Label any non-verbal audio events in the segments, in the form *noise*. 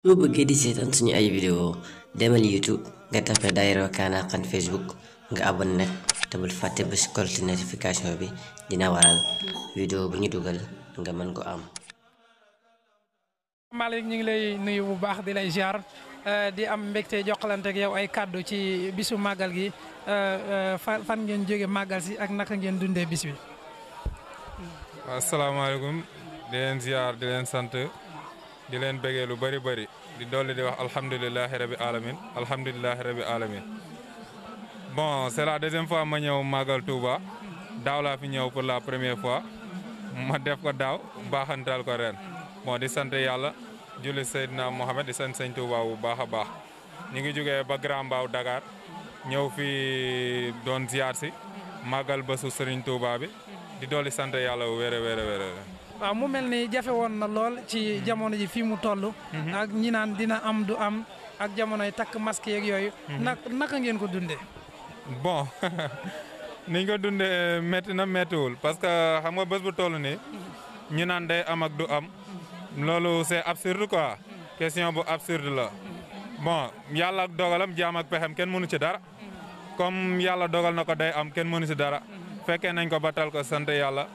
Tubu gedi seetaan suñu ay vidéo demal youtube nga tapé daerah Wakana nah, Haqqan facebook nga abon nak te fatih fàtte di notifikasi notification di dina video vidéo bu ñu dugal nga mën am malik ñu ngi lay nuyu bu di lay ziar eh, di am mbégte jokkalante ak yow ay ci bisu magal gi eh, eh, fan ngeen jóge magal si ak naka ngeen dundee bisu. Assalamualaikum, di leen di leen sant di leen bëggee lu bari bëri di dolli di wax alhamdulilahi rabi alamin alhamdulilahi rabi alamin bon c'est la deuxième fois ma ñëw Magal Touba daaw laa fi ñëw pour la première fois ma def ko daaw baaxantal ko ren bon di sant yàlla julli Seydina Mohamed di sant sëñ Touba bu baax a baax ñu ngi jógee ba Grand Mbao Dakar ñëw fi doon ziar si Magal bésu Serigne Touba bi di dolli sant yàlla wéer a wéer A mu melni jafé jafe na lol ci jamono ji fi mu tollu mhm. ak ñi naan dina am du am ak ay tak masque ak yoy mhm. nak naka ngeen ko dundé bon *laughs* ni ko dundé metti na méttiwul parce que xam nga bëss bu tollu ni ñu naan day am ak du am. loolu c'est absurde quoi. question bu absurde la. bon yalla ak dogalam jaam ak pexam ken mënu ci dara. comme yalla dogal nako day am ken mënu ci dara. Mhm. fekkee nañ ko batal ko sante yalla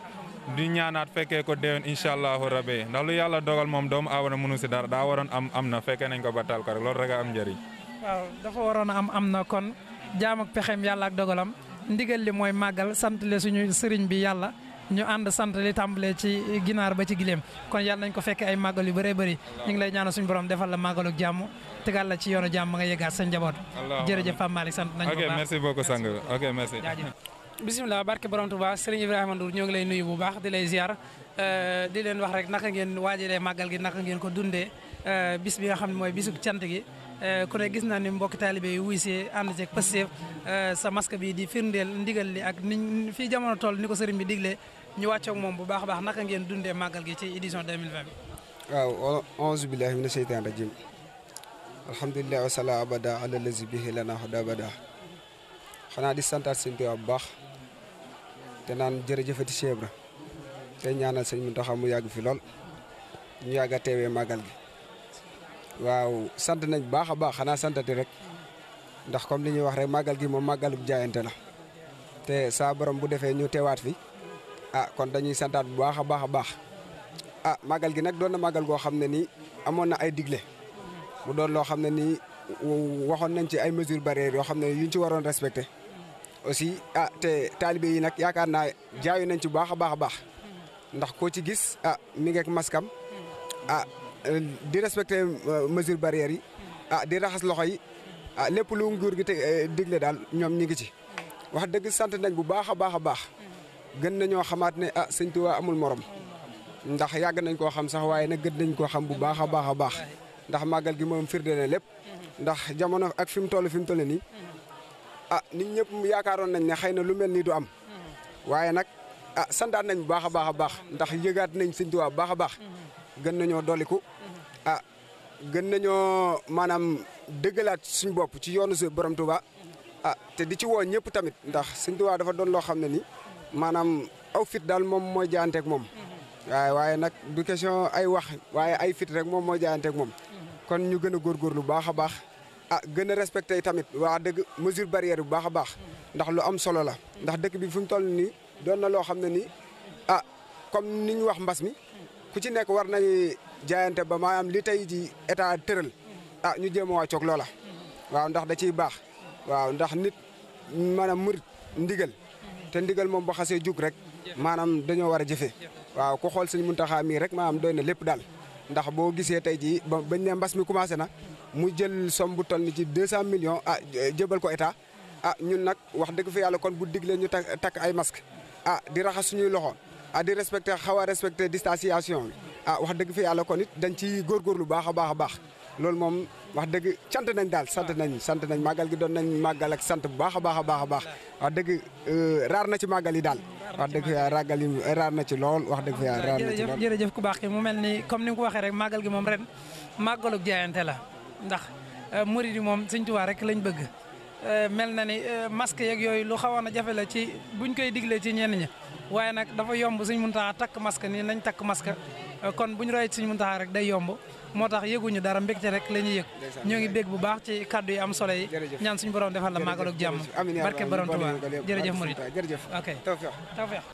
du ñaanaat fekkee ko déwén incha allahu rabi ndax lu yàlla dogal moom doomu aadama mënu si dara daa waroon am am na fekkee nañ ko ba taal ko rek loolu rek a am njëriñ. waaw dafa waroon a am am na kon jaam ak pexeem yàlla ak dogalam ndigal li mooy màggal sant le suñu sëriñ bi yàlla ñu ànd sant li tàmbalee ci ginaar ba ci gileem kon yàlla nañ ko fekkee ay màggal yu bëree bëri ñu ngi lay ñaanal suñu borom defal la màggalu jàmm tegal la ci yoonu jàmm nga yeggaat sa njaboot. jërëjëf Pape Malick sant nañ ko baax ok merci beaucoup sang ok merci. بسم الله بارك برام توبا سيرن ابراهيم ندور نيغ لاي نوي بو باخ دي لاي زيار ا دي لين واخ ريك ناخ نين واجي لاي ماغال غي ناخ نين كو دوندي ا بيس بيغا خامني موي بيسو تيانت غي ا كوني غيسنا ني مبوك طالب اي ويسي اندي اك باسيف ا سا ماسك لي اك في جامونو تول نيكو سيرن بي ديغلي ني واتيو موم بو باخ باخ ناخ نين دوندي ماغال غي تي اديسيون 2020 واو اونز بالله من الشيطان الرجيم الحمد لله والصلاه ابدا على الذي به لنا هدى ابدا خنا دي سانتار سنتو باخ te naan jërëjëfati Cheikh Ibra te ñaanal sëñ am mu yàgg fi lool ñu yàgg a teewee màggal gi waaw sant nañ baax a baax xanaa santati rek ndax comme li ñuy wax rek màggal gi moom màggalub jaayante la te saa borom bu defee ñu teewaat fi ah kon dañuy santaat bu baax a baax a baax a ah, màggal gi nag doon na màggal goo xam ne nii amoon na ay digle mu doon loo xam ne nii waxoon nañ ci ay mesures barrières yoo xam ne yuñ ci waroon respecté aussi ah te taalibe yi nag yaakaar naa jaayo nañ ci baax a baax a baax mm-hmm. ndax koo ci gis ah mi ngeek maskam mm-hmm. a ah, di respecte euh, mesure barrière yi mm-hmm. ah di raxas loxo yi ah, lépp lu nguur gi te euh, digle daal ñoom ñi ngi ci wax dëgg sant nañ bu baax a baax a baax gën nañoo xamaat ne ah sëñ Tuubaa amul morom ndax yàgg nañ koo xam sax waaye nag gën nañ koo xam bu baax a baax a baax ndax màggal gi moom firde na lépp ndax jamono ak fi mu toll fi mu toll nii ah nit ñëpp yaakaaroon nañ ne xeyna lu melni du am waye nak ah santaat nañ baaxa baaxa baax a ndax yëgaat nañ Sëñ Tuubaa baaxa baax gën nañu doliku ah gën nañu manam deggalat suñ bop ci yoonu su borom ah te di ci wo ñepp tamit ndax Sëñ Tuubaa dafa doon lo xamne ni manam aw dal mom moy jaante ak mom waye waye nak du question ay wax waye ay fit rek moy jaante ak mom kon ñu gëna gor gor lu baaxa baax a ah, gën a respecté tamit waa dëgg mesure barrière bu baax a baax ndax lu am solo la ndax dëkk bi fu mu toll nii doon na loo xam ne nii a ah, comme ni ñu wax mbas mi ku ci nekk war na jaayante ba maanaam li tey ji état tëral ah ñu jéem a wàccoog loola waaw ndax da ciy baax waaw ndax nit maanaam murit ndigal te ndigal moom ba xasee jug rek maanaam dañoo war a jëfee waaw ku xool Sëñ Muntaxa mii rek maanaam doy na lépp daal ndax boo gisee tey jii ba bañ ne mbas mi commencé na mu jël somme bu toll ni ci deux cent millions ah jëbal ko état a ah, ñun nag wax dëgg fa yàlla kon bu diglee ñu tak ay masque ah di raxas suñuy loxo a ah, di respecté xaw a respecté distanciation bi ah wax dëgg fa yàlla kon dañ ci lu baax a baax a baax loolu moom wax dëgg sant nañ daal sant nañ sant nañ màggal gi doon nañ màggal ak sant bu baax a baax a baax a baax wax dëgg euh, raar na ci màggal yi daal wax dëgg fa ragal yi raar na ci lool wax dëgg fa raar na ku baax ki mu mel ni comme ni nga ko waxee rek màggal gi moom ren màggalu jaayante la ndax euh, murid yi moom sëñ Tuubaa rek lañ bëgg euh, mel na ni euh, masque yeeg yooyu lu xawoon a jafe la ci buñ koy diglee ci ñenn ña waaye nag dafa yomb sëñ Muntaxa takk masque ni nañ takk masque kon buñ roy sëñ Muntaxa rek day yomb moo tax yëguñu dara mbégte rek la ñuy yëg ñoo ngi bég bu baax ci kaddu yi am solo yi ñaan suñu borom defal la màggal ak jàmm barke borom Tuubaa jërëjëf murid ok tawfeex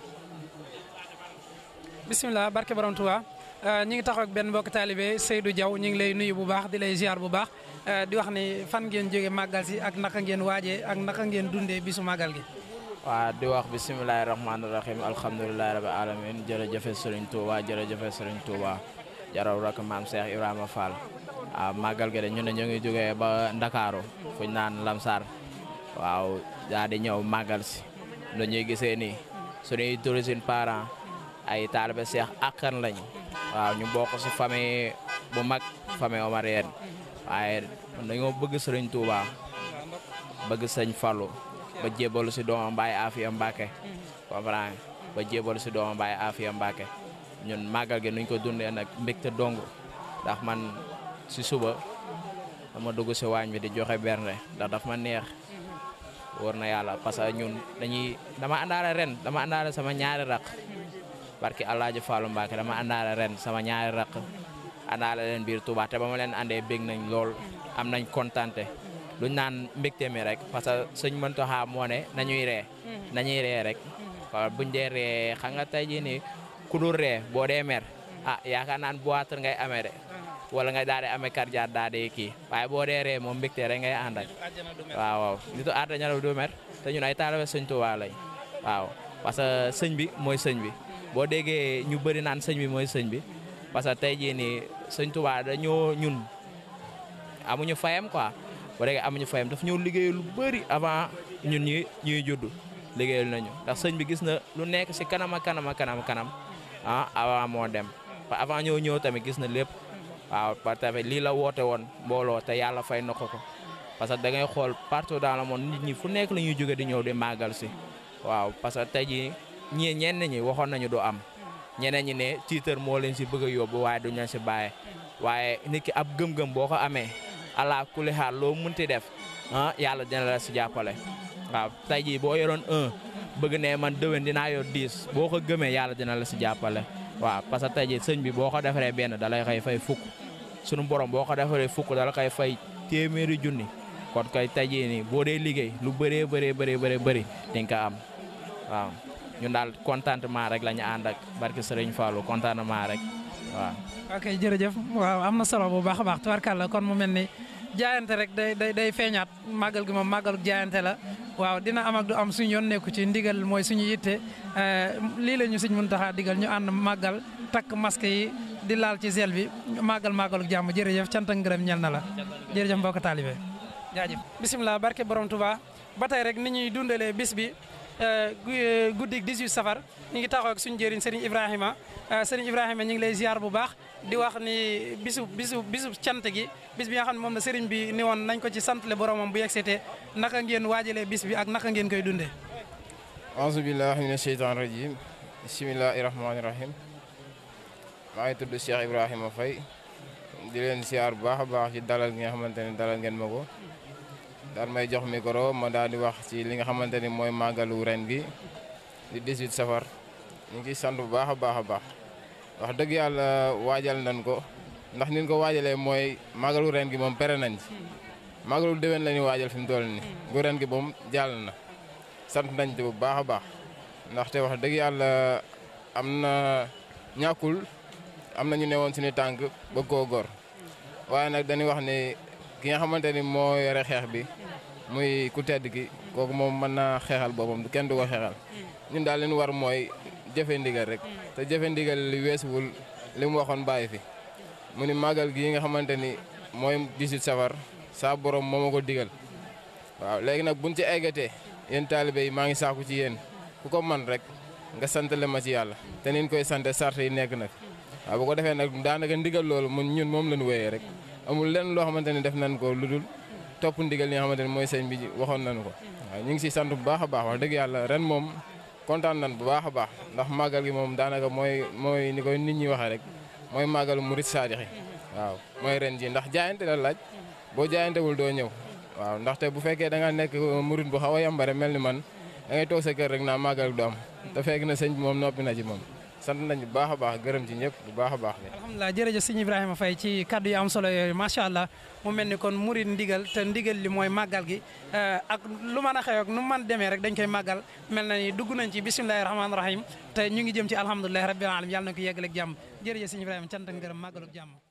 bisimilah barke borom Tuubaa Euh, ñi ngi taxaw ak benn mbokk talibé Seydou Diaw ñi ngi lay nuyu bu baax di lay ziar bu baax euh, di wax ni fan ngeen jóge màggal si ak naka ngeen waajee ak naka ngeen dundee bisu màggal gi waaw di wax bisimilahi rahmaani rahim alhamdulilahi rabi alamin jërëjëfe sëriñ Touba jërëjëfe sëriñ Touba jaraw rak maam Cheikh Ibrahima Fall màggal gi de ñu ne ñu ngi jógee ba Ndakaaru fuñ naan Lamsar waaw daa di ñëw màggal si nu ñuy gisee nii suñuy tourisine parent ay taalibe Cheikh akkan lañu waaw ñu bokk si famille bu mag famille omarienne waaye dañoo bëgg sëriñ Touba bëgg sëñ Fallou jébalu si doomam Baye Afia Mbacke comprendre ba jébalu si doomam Baye Afia Mbacke ñun màggal gi nuñ ko dundee nag mbégte dong ndax man si suba dama dugg si waañ bi di joxe berne ndax daf ma neex wóor na yàlla parce que ñun dañuy dama àndaale ren dama àndaale sama ñaari raq allah alaaji Fallou Mbacké dama àndaale ren sama ñaari rak àndaale len bir Touba te bama len ande àndee nañ lol am nañ kontante lu ñaan mbekté mi rek parce que sëñ Mountakha moo ne nañuy ré mm-hmm. nañuy ré rek buñ dé ré xam nga tay ji ni ku dul ré bo dé mer mm-hmm. ah yaakaar naan boîte ngay amé de wala ngay daalé amé amee karjaat daal di kii waaye boo dee ree moom rek ngay andal waaw waaw nitu àddina do mer te ñun ay taalibe señ Touba lay waaw parce que señ bi moy señ bi boo déggee ñu bëri naan sëñ bi mooy sëñ bi parce que tey jii nii sëñ Tuubaa dañoo ñun amuñu fayam ko boo déggee amuñu fayam daf ñëw liggéeyal lu bëri avant ñun ñuy ñuy judd liggéeyal nañu ndax sëñ bi gis na lu nekk si kanam ak kanam ak kanam kanam ah avant moo dem avant ñoo ñëw tamit gis na lépp waaw parce que lii la woote woon mbooloo te yàlla fay na ko ko parce que da ngay xool partout dans le monde nit ñi fu nekk la ñuy jóge di ñëw di màggal si waaw parce que tey ñii ñenn ñi waxoon nañu du am ñeneen ñi ne tiitar moo leen si bëgg a yóbbu waaye du ñu si bàyyi waaye nit ki ab gëm-gëm boo ka amee alaa kulli xaal loo munti def ah yàlla dina la si jàppale waaw tey jii boo yoroon un bëgg ne man déwén dinaa yor dix boo ko gëmee yàlla dina la si jàppale waaw parce que tey jii sëñ bi boo ko defaree benn da lay koy fay fukk sunu borom boo ko defaree fukk da la koy fay téeméeri junni kon koy tey jii nii boo dee liggéey lu bëree bëree bëree bëri di nga ko am ñun daal contentement rek la ñu ànd ak barke Serigne Fallou contentement rek waaw. ok jërëjëf waaw am na solo bu baax a baax la kon mu mel ni jaayante rek day day day feeñaat màggal gi moom màggalu jaayante la waaw dina amak ak du am suñu yoon nekku ci ndigal mooy suñu yitte eh, lii la ñu Sëñ Muntaxa digal ñu ànd màggal takk masque yi di laal ci sel bi màggal màggalu jàmm jërëjëf cant ak ngërëm ñel na la jërëjëf mbokk taalibe jaajëf bisimilah barke borom Euh, guddik 18 safar ñu ngi taxaw ak suñu jëriñ sëriñ Ibrahima euh, Serigne Ibrahima ñu ngi lay ziar bu baax di wax ni bisu bisu bisu cant gi bis bi nga xam ne moom na Serigne bi ni woon nañ ko ci sant le boromam bu yegsetee naka ngeen waajale bis bi ak naka ngeen koy dundee. auzu billahi mina sheytaan rajim bismillahi rahmaani rahim maa ngi tudd Cheikh Ibrahima Faye di leen ziar bu baax baax ci dalal gi nga xamante ne dalal ngeen ma ko. daal may jox micro ma daal di wax ci li nga xamante ni mooy màggalu ren gi di 18 safar ñu ngi sant bu baax a baax a baax wax dëgg yàlla waajal nañ ko ndax niñ ko waajalee mooy màggalu ren gi moom pere nañ ci màggalu déwén la ñuy waajal fi mu toll nii ren gi moom jàll na sant nañ ci bu baax a baax ndaxte wax dëgg yàlla am na ñàkkul am na ñu ne newoon suñu tànk bëgg koo gor waaye nag dañuy wax ni ki nga xamante ni moo yore xeex bi muy ku tedd ki kooku moom mën naa xeexal boppam kenn du ko xeexal ñun daal leen war mooy jëfe ndigal rek te jëfe ndigal li weesuwul li mu waxoon bàyyi fi mu ni màggal gii nga xamante ni mooy 18 safar saa borom moo ko digal waaw léegi nag buñ ci eggatee yéen taalibe yi maa ngi saaku ci yéen ku ko man rek nga santale ma ci yàlla te niñ koy sante sart yi nekk nag waaw bu defee nag daanaka ndigal loolu mun ñun moom lañu wéyee rek amul lenn loo xamante ne def nañ ko lu dul topp ndigal li nga xamante ne mooy sëñ bi waxoon nañu ko. waaw si ngi sant bu baax a baax wax dëgg yàlla ren moom kontaan nañ bu baax a baax ndax màggal gi moom daanaka mooy mooy ni ko nit ñi waxee rek mooy màggalu murit saadixi waaw mooy ren ji ndax jaayante la laaj boo jaayantewul doo ñëw waaw ndaxte bu fekkee da nga nekk murit bu xaw a yambare mel ni man da ngay toog rek naa màggal du am te na sëñ bi moom noppi na ji moom. sant nañu bu baax a baax gërëm ci ñëpp bu baax a baax. alhamdulilah jërëjëf sëñ Ibrahima Faye ci kaddu yu am solo yooyu macha allah mu mel ni kon murid ndigal te ndigal li mooy màggal gi eh, ak lu mën a xew ak nu man demee rek dañ koy màggal mel na dugg nañ ci bisimilahi rahmaani rahim te ñu ngi jëm ci alhamdulilah rabbil alamin yàlla na ko yeggaleeg jàmm jërëjëf sëñ Ibrahima cant ak ngërëm màggalu jàmm